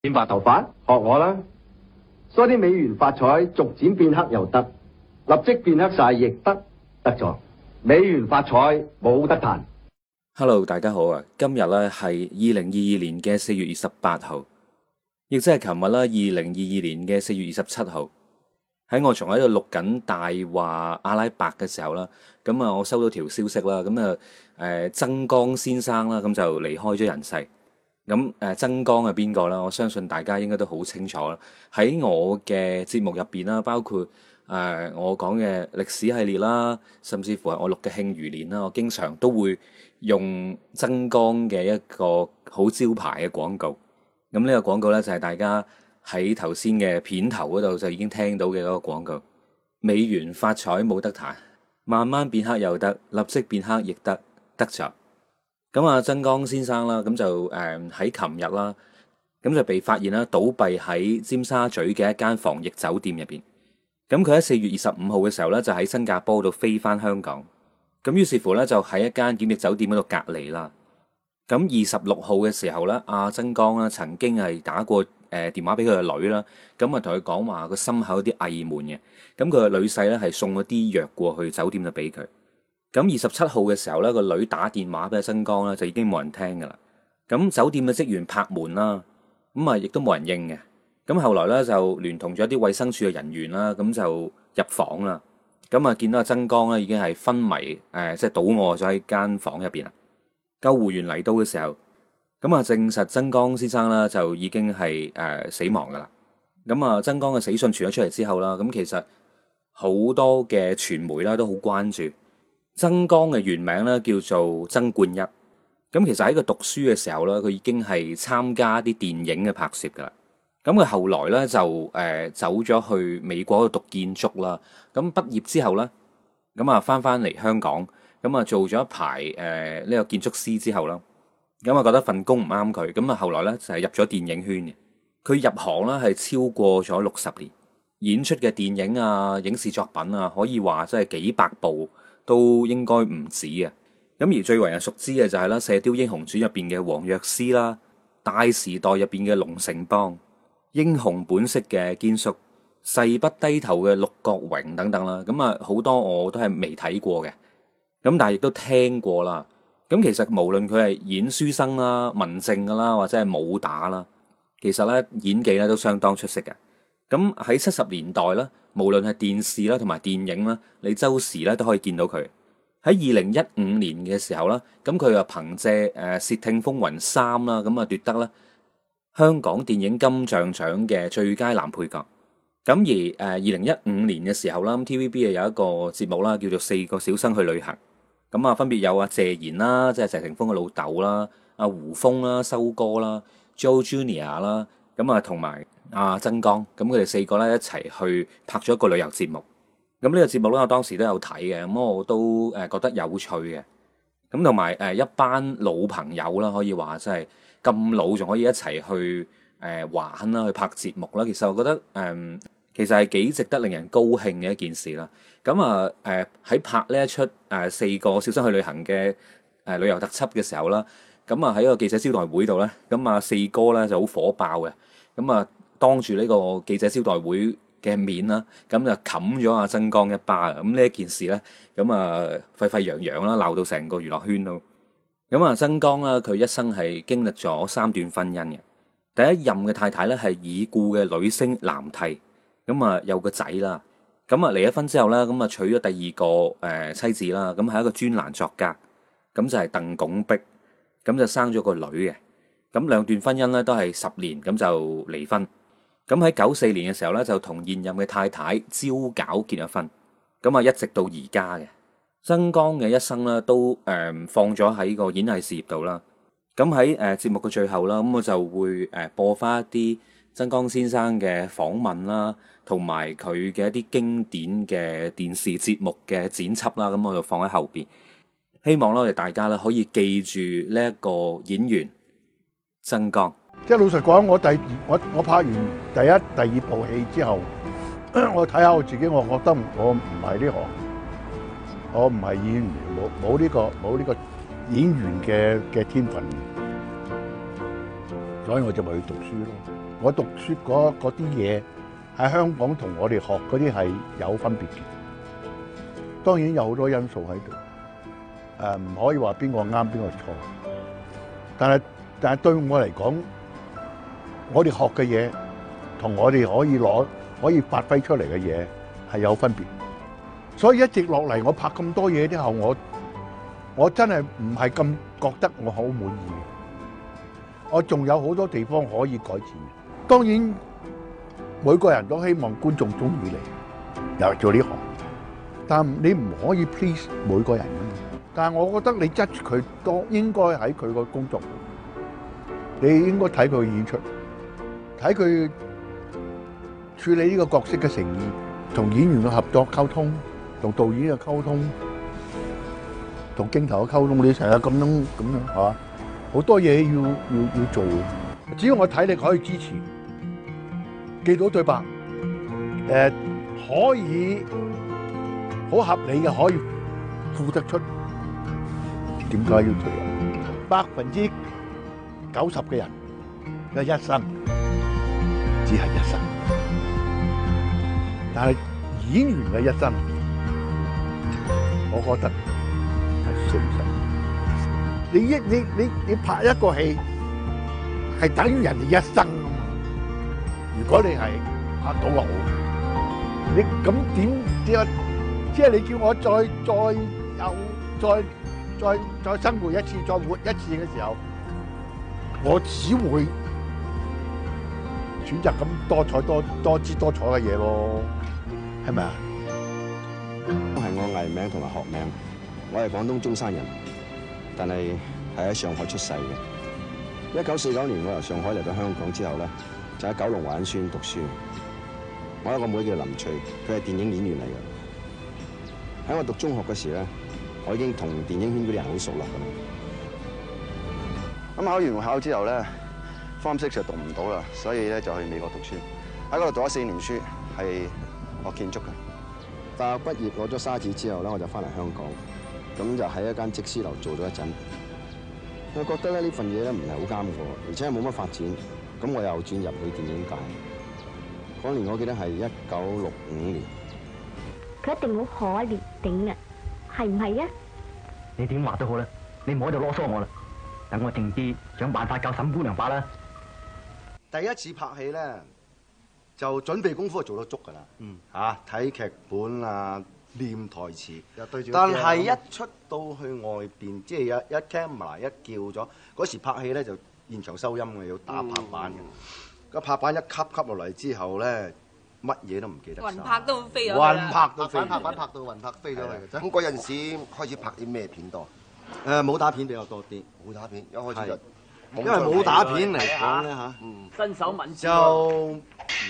變白頭髮，學我啦！所啲美源發彩，逐漸變黑又得，立即變黑晒亦得。得咗，美源發彩冇得彈。Hello，大家好啊！今呢日咧係二零二二年嘅四月二十八號，亦即係琴日啦。二零二二年嘅四月二十七號，喺我仲喺度錄緊大話阿拉伯嘅時候啦，咁啊，我收到條消息啦，咁啊，誒、呃，曾江先生啦，咁就離開咗人世。咁誒，曾江係邊個啦？我相信大家應該都好清楚啦。喺我嘅節目入邊啦，包括誒、呃、我講嘅歷史系列啦，甚至乎係我錄嘅慶餘年啦，我經常都會用曾江嘅一個好招牌嘅廣告。咁呢個廣告呢，就係大家喺頭先嘅片頭嗰度就已經聽到嘅嗰個廣告。美源發彩冇得彈，慢慢變黑又得，立即變黑亦得，得著。咁啊，曾江先生啦，咁就誒喺琴日啦，咁就被發現啦，倒斃喺尖沙咀嘅一間防疫酒店入邊。咁佢喺四月二十五號嘅時候咧，就喺新加坡度飛返香港。咁於是乎咧，就喺一間檢疫酒店嗰度隔離啦。咁二十六號嘅時候咧，阿曾江咧曾經係打過誒電話俾佢嘅女啦，咁啊同佢講話個心口有啲翳悶嘅。咁佢嘅女婿咧係送咗啲藥過去酒店度俾佢。咁二十七號嘅時候咧，個女打電話俾阿曾江啦，就已經冇人聽噶啦。咁酒店嘅職員拍門啦，咁啊亦都冇人應嘅。咁後來咧就聯同咗啲衛生署嘅人員啦，咁就入房啦。咁啊見到阿曾江咧已經係昏迷，誒即係倒臥咗喺間房入邊啦。救護員嚟到嘅時候，咁啊證實曾江先生啦就已經係誒死亡噶啦。咁啊曾江嘅死訊傳咗出嚟之後啦，咁其實好多嘅傳媒啦都好關注。曾江嘅原名咧，叫做曾冠一，咁其實喺佢讀書嘅時候咧，佢已經係參加啲電影嘅拍攝噶啦。咁佢後來咧就誒、呃、走咗去美國度讀建築啦。咁畢業之後咧，咁啊翻翻嚟香港，咁啊做咗一排誒呢、呃這個建築師之後啦，咁啊覺得份工唔啱佢，咁啊後來咧就係入咗電影圈嘅。佢入行咧係超過咗六十年，演出嘅電影啊、影視作品啊，可以話真係幾百部。都應該唔止啊！咁而最為人熟知嘅就係啦《射雕英雄傳》入邊嘅黃藥師啦，《大時代》入邊嘅龍成邦，英雄本色嘅堅叔，誓不低頭嘅陸國榮等等啦。咁啊，好多我都係未睇過嘅，咁但係亦都聽過啦。咁其實無論佢係演書生啦、文靜噶啦，或者係武打啦，其實咧演技咧都相當出色嘅。咁喺七十年代啦，無論係電視啦同埋電影啦，你周時咧都可以見到佢。喺二零一五年嘅時候啦，咁佢又憑借《誒竊聽風雲三》啦，咁啊奪得啦香港電影金像獎嘅最佳男配角。咁而誒二零一五年嘅時候啦，T V B 啊有一個節目啦，叫做《四個小生去旅行》。咁啊分別有啊謝賢啦，即係謝霆鋒嘅老豆啦，阿胡楓啦、修哥啦、Joe Junior 啦。咁啊，同埋阿曾江，咁佢哋四個咧一齊去拍咗一個旅遊節目。咁、這、呢個節目咧，我當時都有睇嘅，咁我都誒覺得有趣嘅。咁同埋誒一班老朋友啦，可以話真係咁老仲可以一齊去誒玩啦，去拍節目啦。其實我覺得誒、嗯，其實係幾值得令人高興嘅一件事啦。咁啊誒喺拍呢一出誒四個小生去旅行嘅誒旅遊特輯嘅時候啦。咁啊喺個記者招待會度咧，咁啊四哥咧就好火爆嘅，咁啊當住呢個記者招待會嘅面啦，咁就冚咗阿曾江一巴。咁呢一件事咧，咁啊沸沸揚揚啦，鬧到成個娛樂圈囉。咁啊曾江咧，佢一生係經歷咗三段婚姻嘅，第一任嘅太太咧係已故嘅女星藍娣。咁啊有個仔啦，咁啊離咗婚之後咧，咁啊娶咗第二個誒妻子啦，咁係一個專欄作家，咁就係鄧拱璧。咁就生咗個女嘅，咁兩段婚姻咧都係十年，咁就離婚。咁喺九四年嘅時候咧，就同現任嘅太太焦姣結咗婚，咁啊一直到而家嘅曾江嘅一生咧都誒放咗喺個演藝事業度啦。咁喺誒節目嘅最後啦，咁我就會誒播翻一啲曾江先生嘅訪問啦，同埋佢嘅一啲經典嘅電視節目嘅剪輯啦，咁我就放喺後邊。希望咧，我哋大家咧可以記住呢一個演員曾江。即係老實講，我第我我拍完第一、第二部戲之後，我睇下我自己，我覺得我唔係呢行，我唔係演員，冇冇呢個冇呢個演員嘅嘅天分，所以我就咪去讀書咯。我讀書嗰啲嘢喺香港同我哋學嗰啲係有分別嘅，當然有好多因素喺度。誒，唔可以話邊個啱，邊個錯，但係但係對我嚟講，我哋學嘅嘢同我哋可以攞可以發揮出嚟嘅嘢係有分別。所以一直落嚟，我拍咁多嘢之後，我我真係唔係咁覺得我好滿意。我仲有好多地方可以改善。當然每個人都希望觀眾中意你，又做呢行，但你唔可以 please 每個人。但係，我覺得你質住佢，都應該喺佢個工作，你應該睇佢演出，睇佢處理呢個角色嘅誠意，同演員嘅合作溝通，同導演嘅溝通，同鏡頭嘅溝通，你成日咁樣咁樣嚇，好多嘢要要要做。只要我睇你可以支持，記到對白，誒、呃、可以好合理嘅，可以付得出。點解要做啊？百分之九十嘅人嘅一生只係一生，但係演員嘅一生，我覺得係瞬息。你一你你你拍一個戲，係等於人哋一生噶嘛？如果你係拍到嘅好，你咁點即係即係你叫我再再又再？再再生活一次，再活一次嘅時候，我只會選擇咁多彩多多姿多彩嘅嘢咯，係咪啊？都係我藝名同埋學名，我係廣東中山人，但係係喺上海出世嘅。一九四九年我由上海嚟到香港之後咧，就喺九龍玩書讀書。我有一個妹，妹叫林翠，佢係電影演員嚟嘅。喺我讀中學嘅時咧。我已經同電影圈嗰啲人好熟啦咁。咁考完會考之後咧，Form Six 就讀唔到啦，所以咧就去美國讀書。喺嗰度讀咗四年書，係學建築嘅。大學畢業攞咗沙紙之後咧，我就翻嚟香港。咁就喺一間則師樓做咗一陣，我覺得咧呢份嘢咧唔係好啱我，而且又冇乜發展。咁我又轉入去電影界。嗰年我記得係一九六五年。佢一定好可憐頂啦！係唔係啊？你點話都好啦，你唔好喺度囉嗦我啦。等我靜啲，想辦法救沈姑娘罷啦。第一次拍戲咧，就準備功夫做得足噶啦。嗯，吓睇劇本啊，念台詞。但係一出到去外邊，嗯、即係一一聽埋一叫咗，嗰時拍戲咧就現場收音嘅，要打拍板嘅。個、嗯嗯、拍板一吸吸落嚟之後咧。乜嘢都唔記得曬，雲拍都飛咗啦，反拍反拍到雲拍飛咗嚟嘅啫。咁嗰陣時開始拍啲咩片多？誒，武打片比較多啲，武打片一開始就，因為武打片嚟講咧嚇，嗯，身手敏捷就唔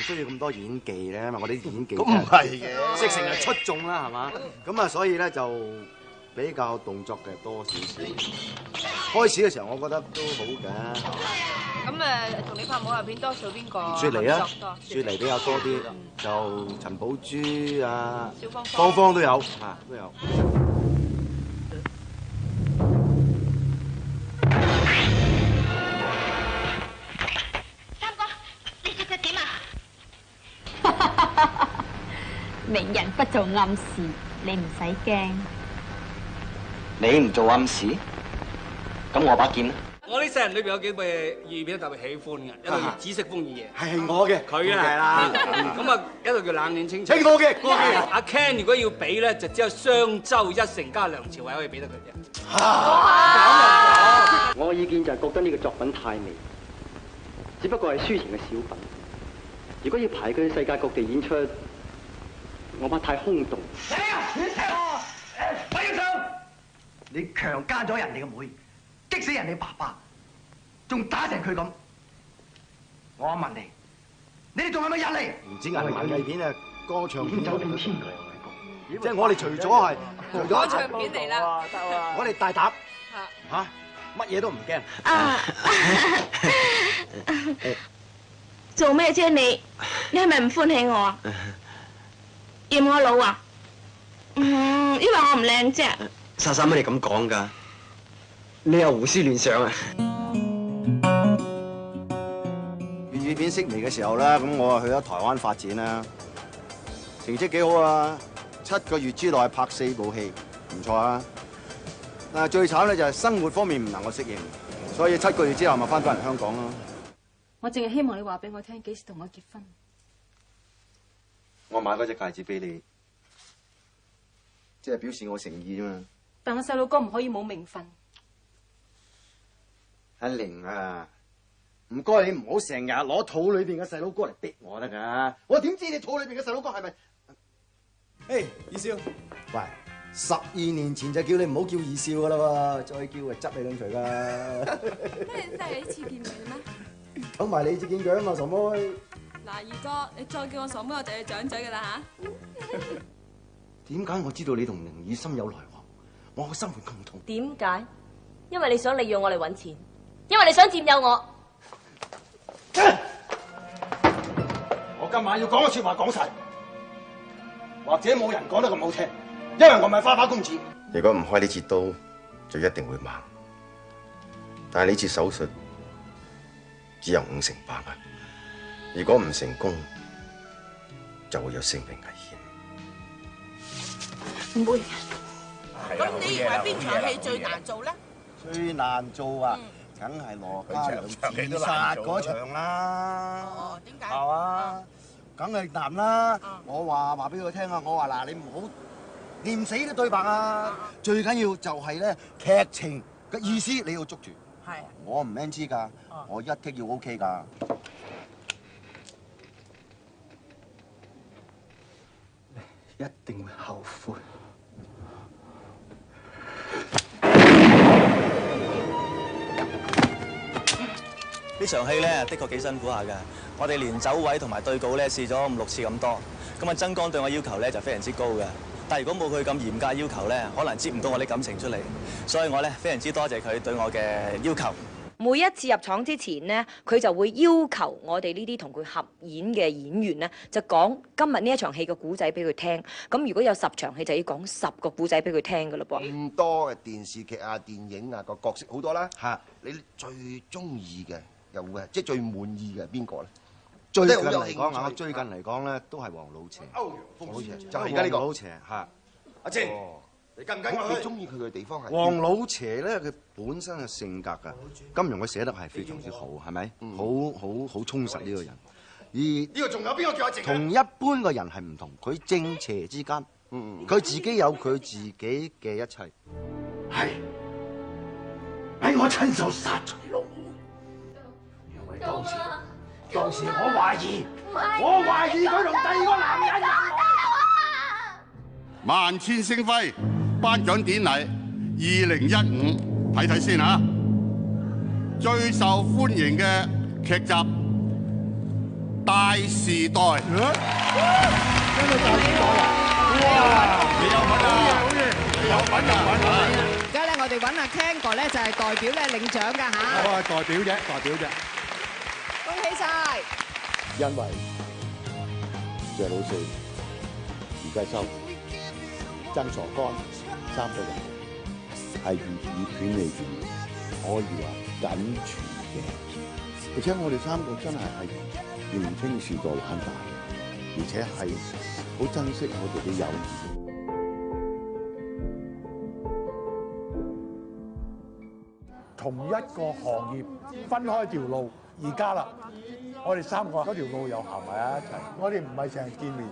需要咁多演技咧，因為我哋演技，咁唔係嘅，色成就出眾啦，係嘛？咁啊，所以咧就比較動作嘅多少少。開始嘅時候我覺得都好嘅。咁誒，同你拍武俠片多數邊個？雪梨啊，雪梨比較多啲，就陳寶珠啊，芳芳都有嚇都有。三哥，你隻腳點啊？哈哈哈哈哈！明人不做暗事，你唔使驚。你唔做暗事，咁我把劍啦。我呢世人裏邊有幾部粵語片特別喜歡嘅，一部叫《紫色風雨夜》，係我嘅，佢啊，咁啊，一部叫《冷暖青春》，陳浩嘅，阿 Ken 如果要比咧，就只有雙周一成加梁朝偉可以俾得佢嘅。我意見就係覺得呢個作品太媚，只不過係抒情嘅小品。如果要排去世界各地演出，我怕太空洞。你踢我，你強姦咗人哋嘅妹，激死人哋爸爸。仲打成佢咁？我問你，你哋仲有冇人嚟？唔止銀幕計片啊，歌唱片都走遍天涯啊！即係我哋除咗係，除咗唱片嚟啦！我哋大膽吓，乜嘢都唔驚。做咩啫？你你係咪唔歡喜我啊？嫌我老啊？嗯，因為我唔靚啫。傻傻乜你咁講噶？你又胡思亂想啊？.片式微嘅時候啦，咁我啊去咗台灣發展啦，成績幾好啊，七個月之內拍四部戲，唔錯啊。但係最慘咧就係生活方面唔能夠適應，所以七個月之後咪翻返嚟香港咯。我淨係希望你話俾我聽，幾時同我結婚？我買嗰隻戒指俾你，即係表示我誠意啫嘛。但我細路哥唔可以冇名分，阿玲啊！唔該，你唔好成日攞肚裏邊嘅細佬哥嚟逼我得噶。我點知你肚裏邊嘅細佬哥係咪？誒，hey, 二少，喂，十二年前就叫你唔好叫二少噶啦，再叫啊執你兩錘噶。第一次見面咩？咁埋你次啲樣啊，傻妹。嗱，二哥，你再叫我傻妹，我就要掌嘴噶啦吓。點 解我知道你同凌雨心有來往，我個心會咁痛？同。點解？因為你想利用我嚟搵錢，因為你想佔有我。今晚要講個說話講晒，或者冇人講得咁好聽，因為我唔係花花公子。如果唔開呢次刀，就一定會盲。但係呢次手術只有五成百嘅，如果唔成功，就會有性命危險。唔會。咁你認為邊場戲最難做咧？最難做啊，梗係羅家良自殺嗰場啦。哦，點解？係嘛？梗係難啦！我話話俾佢聽啊！我話嗱，你唔好念死啲對白啊！最緊要就係咧劇情嘅意思你要捉住。係。我唔 enjoy 噶，我一踢要 OK 噶。一定會後悔。呢場戲咧的確幾辛苦下噶。我哋連走位同埋對稿咧試咗五六次咁多，咁啊曾江對我要求咧就非常之高嘅。但係如果冇佢咁嚴格要求咧，可能接唔到我啲感情出嚟。所以我咧非常之多謝佢對我嘅要求。每一次入廠之前咧，佢就會要求我哋呢啲同佢合演嘅演員咧，就講今日呢一場戲嘅故仔俾佢聽。咁如果有十場戲，就要講十個故仔俾佢聽㗎啦噃。咁多嘅電視劇啊、電影啊，個角色好多啦。嚇，你最中意嘅又會係即係最滿意嘅係邊個咧？最近嚟講啊，最近嚟講咧都係黃老邪，歐陽峯就係而家呢個黃老邪嚇。阿靜，你跟唔跟去？你中意佢嘅地方係黃老邪咧，佢本身嘅性格啊，金庸佢寫得係非常之好，係咪？好好好充實呢個人。而呢個仲有邊個叫阿靜同一般嘅人係唔同，佢正邪之間，佢自己有佢自己嘅一切，係俾我親手殺咗龍門，因到時我懷疑，我懷疑佢同第二個男人。萬千星輝頒獎典禮二零一五，睇睇先啊！最受歡迎嘅劇集《大時代》。真係大時代啊！哇，你有品啊！你有品啊！而家我哋揾阿 Ken 哥咧，就係代表咧領獎噶嚇。我係代表啫，代表啫。因為謝老師而家收曾傻乾三個人係粵語片嚟做，可以話僅存嘅。而且我哋三個真係係年輕時代玩大，而且係好珍惜我哋嘅友誼。同一個行業分開條路。而家啦，我哋三個嗰條路又行埋一齊。我哋唔係成日見面，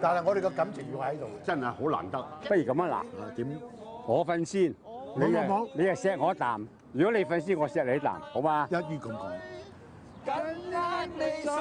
但係我哋個感情要喺度。真係好難得。不如咁啊，嗱，點？我瞓先，你又好，好好你又錫我一啖。如果你瞓先，我錫你一啖，好嗎？一於咁講。